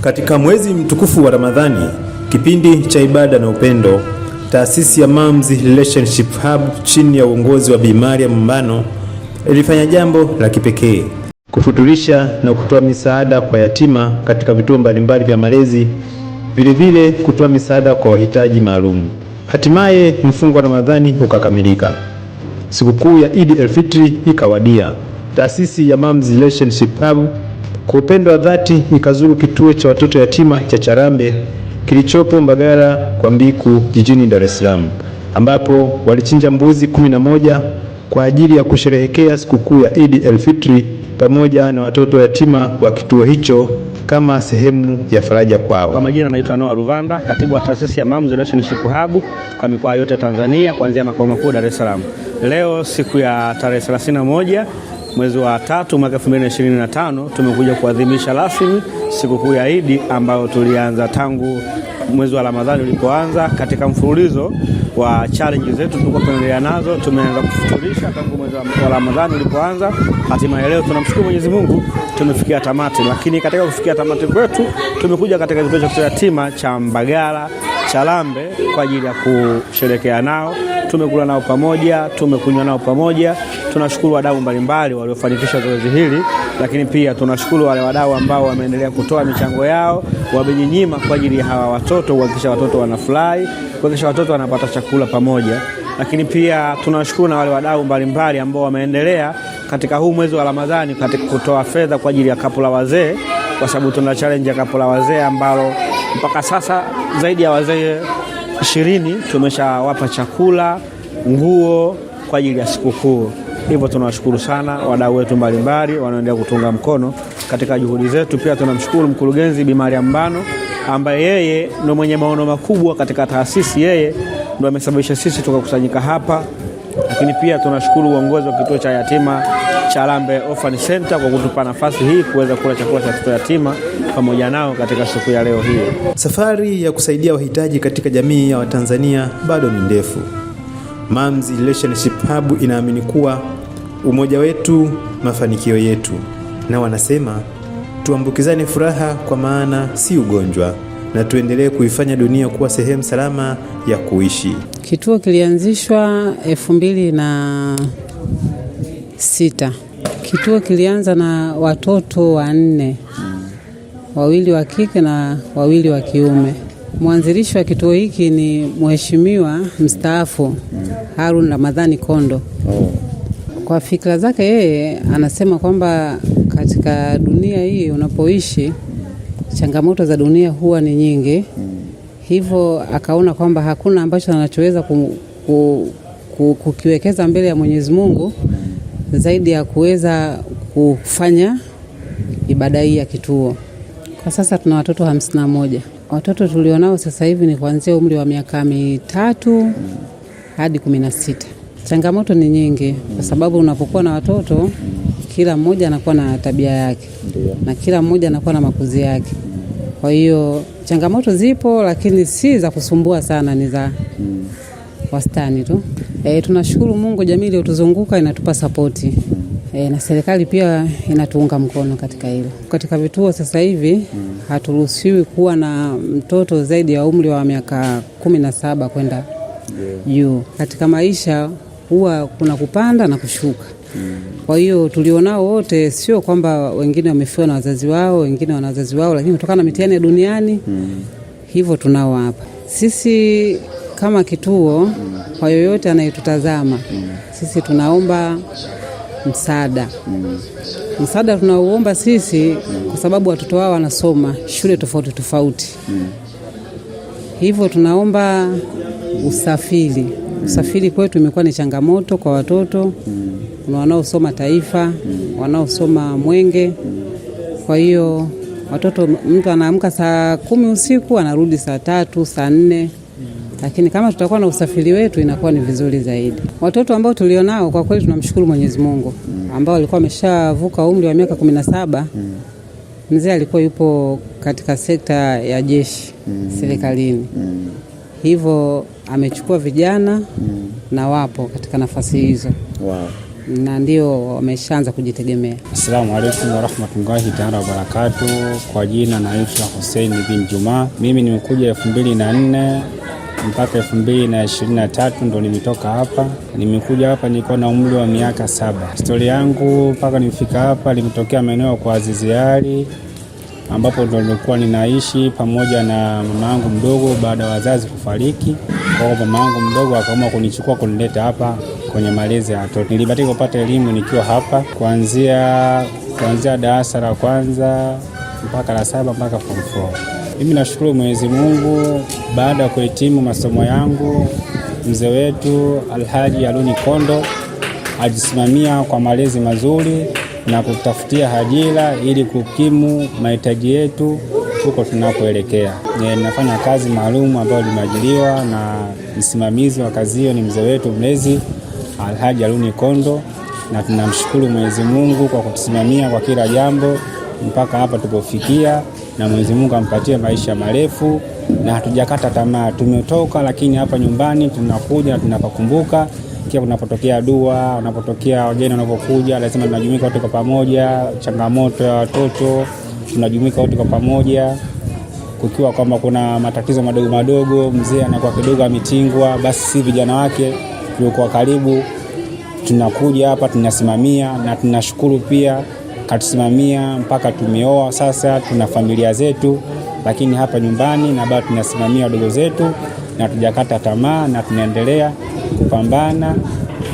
Katika mwezi mtukufu wa Ramadhani, kipindi cha ibada na upendo, taasisi ya Moms Relationship Hub chini ya uongozi wa Bi Mariam Mbano ilifanya jambo la kipekee kufuturisha na kutoa misaada kwa yatima katika vituo mbalimbali vya malezi, vilevile kutoa misaada kwa wahitaji maalum. Hatimaye mfungo wa Ramadhani ukakamilika, sikukuu ya Eid el Fitri ikawadia. Taasisi ya Moms Relationship Hub kwa upendo wa dhati nikazuru kituo cha watoto yatima cha Charambe kilichopo Mbagala kwa Mbiku jijini Dar es Salaam, ambapo walichinja mbuzi kumi na moja kwa ajili ya kusherehekea sikukuu ya Idi Elfitri pamoja na watoto yatima wa kituo hicho kama sehemu ya faraja kwao. Kwa majina anaitwa Noah Ruvanda, katibu wa taasisi ya mamu Relationship Hub kwa mikoa yote Tanzania kuanzia makao makuu Dar es Salaam. Leo siku ya tarehe 31 mwezi wa tatu mwaka 2025 tumekuja kuadhimisha rasmi sikukuu ya Idi ambayo tulianza tangu mwezi wa Ramadhani ulipoanza katika mfululizo wa challenge zetu tulikuwa tunaendelea nazo. Tumeanza kufutulisha tangu mwezi wa Ramadhani ulipoanza, hatimaye leo tunamshukuru Mwenyezi Mungu tumefikia tamati. Lakini katika kufikia tamati kwetu tumekuja katika kituo cha yatima cha Mbagala Chalambe kwa ajili ya kusherekea nao. Tumekula nao pamoja, tumekunywa nao pamoja. Tunashukuru wadau mbalimbali waliofanikisha zoezi hili, lakini pia tunashukuru wale wadau ambao wameendelea kutoa michango yao, wamejinyima kwa ajili ya hawa watoto, kuhakikisha watoto wanafurahi, kuhakikisha watoto wanapata chakula pamoja. Lakini pia tunashukuru na wale wadau mbalimbali ambao wameendelea katika huu mwezi wa Ramadhani katika kutoa fedha kwa ajili ya kapu la wazee, kwa sababu tuna challenge ya kapu la wazee ambalo mpaka sasa zaidi ya wazee ishirini tumeshawapa chakula, nguo kwa ajili ya sikukuu. Hivyo tunawashukuru sana wadau wetu mbalimbali wanaoendelea kutunga mkono katika juhudi zetu. Pia tunamshukuru mkurugenzi Bi Maria Mbano ambaye yeye ndo mwenye maono makubwa katika taasisi. Yeye ndo amesababisha sisi tukakusanyika hapa lakini pia tunashukuru uongozi wa kituo cha yatima cha Lambe Orphan Center kwa kutupa nafasi hii kuweza kula chakula cha watoto yatima pamoja nao katika siku ya leo hii. Safari ya kusaidia wahitaji katika jamii ya Watanzania bado ni ndefu. Mams Relationship Hub inaamini kuwa umoja wetu mafanikio yetu, na wanasema tuambukizane furaha, kwa maana si ugonjwa na tuendelee kuifanya dunia kuwa sehemu salama ya kuishi. Kituo kilianzishwa elfu mbili na sita. Kituo kilianza na watoto wanne, wawili wa kike na wawili wa kiume. Mwanzilishi wa kituo hiki ni mheshimiwa mstaafu Harun Ramadhani Kondo. Kwa fikra zake yeye anasema kwamba katika dunia hii unapoishi changamoto za dunia huwa ni nyingi mm. Hivyo akaona kwamba hakuna ambacho anachoweza ku, ku, ku, kukiwekeza mbele ya Mwenyezi Mungu zaidi ya kuweza kufanya ibada hii ya kituo. Kwa sasa tuna watoto hamsini na moja. Watoto tulionao sasa hivi ni kuanzia umri wa miaka mitatu hadi kumi na sita. Changamoto ni nyingi, kwa sababu unapokuwa na watoto kila mmoja anakuwa na tabia yake Ndiyo. na kila mmoja anakuwa na makuzi yake. Kwa hiyo changamoto zipo, lakini si za kusumbua sana, ni za hmm. wastani tu. E, tunashukuru Mungu, jamii iliyotuzunguka inatupa sapoti e, na serikali pia inatuunga mkono katika hilo. Katika vituo sasa hivi mm. haturuhusiwi kuwa na mtoto zaidi ya umri wa miaka kumi na saba kwenda juu. Katika maisha huwa kuna kupanda na kushuka kwa hiyo tulionao wote, sio kwamba wengine wamefiwa na wazazi wao, wengine wana wazazi wao, lakini kutokana na mitihani ya duniani mm. hivyo tunao hapa sisi kama kituo mm. kwa yoyote anayetutazama mm. sisi tunaomba msaada mm. msaada tunauomba sisi mm. kwa sababu watoto wao wanasoma shule tofauti tofauti mm. hivyo tunaomba usafiri mm. usafiri kwetu imekuwa ni changamoto kwa watoto mm kuna wanaosoma Taifa, wanaosoma Mwenge. Kwa hiyo watoto, mtu anaamka saa kumi usiku anarudi saa tatu saa nne lakini kama tutakuwa na usafiri wetu inakuwa ni vizuri zaidi. Watoto ambao tulionao kwa kweli tunamshukuru Mwenyezi Mungu ambao walikuwa wameshavuka umri wa miaka kumi na saba. Mzee alikuwa yupo katika sekta ya jeshi serikalini, hivyo amechukua vijana na wapo katika nafasi hizo. Wow na ndio wameshaanza kujitegemea. Asalamu alaykum warahmatullahi taala wabarakatu. Kwa jina naitwa Hussein bin Juma, mimi nimekuja elfu mbili na nne mpaka elfu mbili na ishirini na tatu ndo nimetoka hapa. Nimekuja hapa nilikuwa na umri wa miaka saba. Stori yangu mpaka nimefika hapa limetokea maeneo kwa Aziziari ambapo ndo nilikuwa ninaishi pamoja na mama yangu mdogo baada ya wazazi kufariki. Kwa hiyo mama yangu mdogo akaamua kunichukua kunileta hapa kwenye malezi ya watoto. Nilibatika kupata elimu nikiwa hapa kuanzia kuanzia darasa la kwanza mpaka la saba mpaka form four. Mimi nashukuru Mwenyezi Mungu, baada ya kuhitimu masomo yangu, mzee wetu Alhaji Aluni Kondo alisimamia kwa malezi mazuri na kutafutia ajira ili kukimu mahitaji yetu huko tunakoelekea. Ninafanya kazi maalum ambayo limeajiriwa na msimamizi wa kazi hiyo ni mzee wetu mlezi Alhaji Aluni Kondo, na tunamshukuru Mwenyezi Mungu kwa kutusimamia kwa kila jambo mpaka hapa tulipofikia, na Mwenyezi Mungu ampatie maisha marefu, na hatujakata tamaa. Tumetoka lakini hapa nyumbani tunakuja na tunapakumbuka kia unapotokea dua, unapotokea wageni, wanapokuja lazima tunajumuika wote kwa pamoja, changamoto ya watoto tunajumuika wote kwa pamoja kukiwa kwamba kuna matatizo madogo madogo, mzee anakuwa kidogo ametingwa, basi si vijana wake kwa karibu, tunakuja hapa tunasimamia, na tunashukuru pia katusimamia mpaka tumeoa sasa, tuna familia zetu, lakini hapa nyumbani na bado tunasimamia wadogo zetu, na tujakata tamaa, na tunaendelea kupambana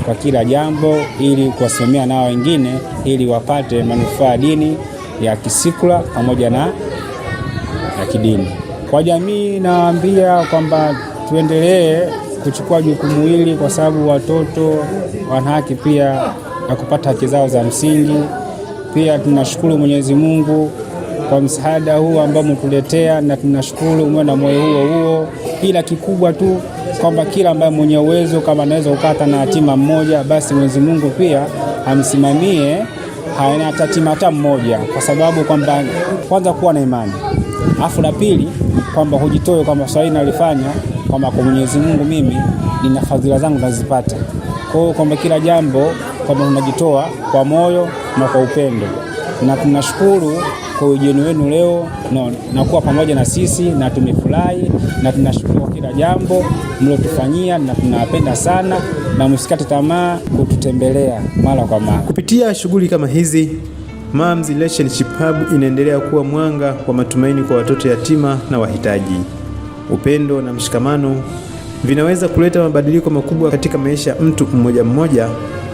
kwa kila jambo ili kuwasimamia nao wengine ili wapate manufaa dini ya kisikula pamoja na ya kidini. Kwa jamii nawaambia kwamba tuendelee kuchukua jukumu hili, kwa sababu watoto wana haki pia ya kupata haki zao za msingi. Pia tunashukuru Mwenyezi Mungu kwa msaada huu ambao mtuletea, na tunashukuru mwe na moyo huo huo, ila kikubwa tu kwamba kila ambaye mwenye uwezo kama anaweza kupata na hatima mmoja, basi Mwenyezi Mungu pia amsimamie haina tatima hata mmoja, kwa sababu kwamba kwanza kuwa na imani, afu la pili kwamba hujitoe kwamba swali nalifanya kwamba kwa Mwenyezi Mungu mimi nina fadhila zangu nazipata. Kwa hiyo kwamba kila jambo kwamba unajitoa kwa moyo na kwa upendo, na tunashukuru kwa ujeni wenu leo no, na kuwa pamoja na sisi na tumefurahi na tunashukuru kwa kila jambo mliotufanyia na tunawapenda sana, na msikate tamaa kututembelea mara kwa mara. Kupitia shughuli kama hizi, Moms Relationship Hub inaendelea kuwa mwanga wa matumaini kwa watoto yatima na wahitaji upendo na mshikamano vinaweza kuleta mabadiliko makubwa katika maisha ya mtu mmoja mmoja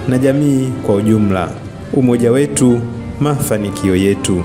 na jamii kwa ujumla. Umoja wetu mafanikio yetu.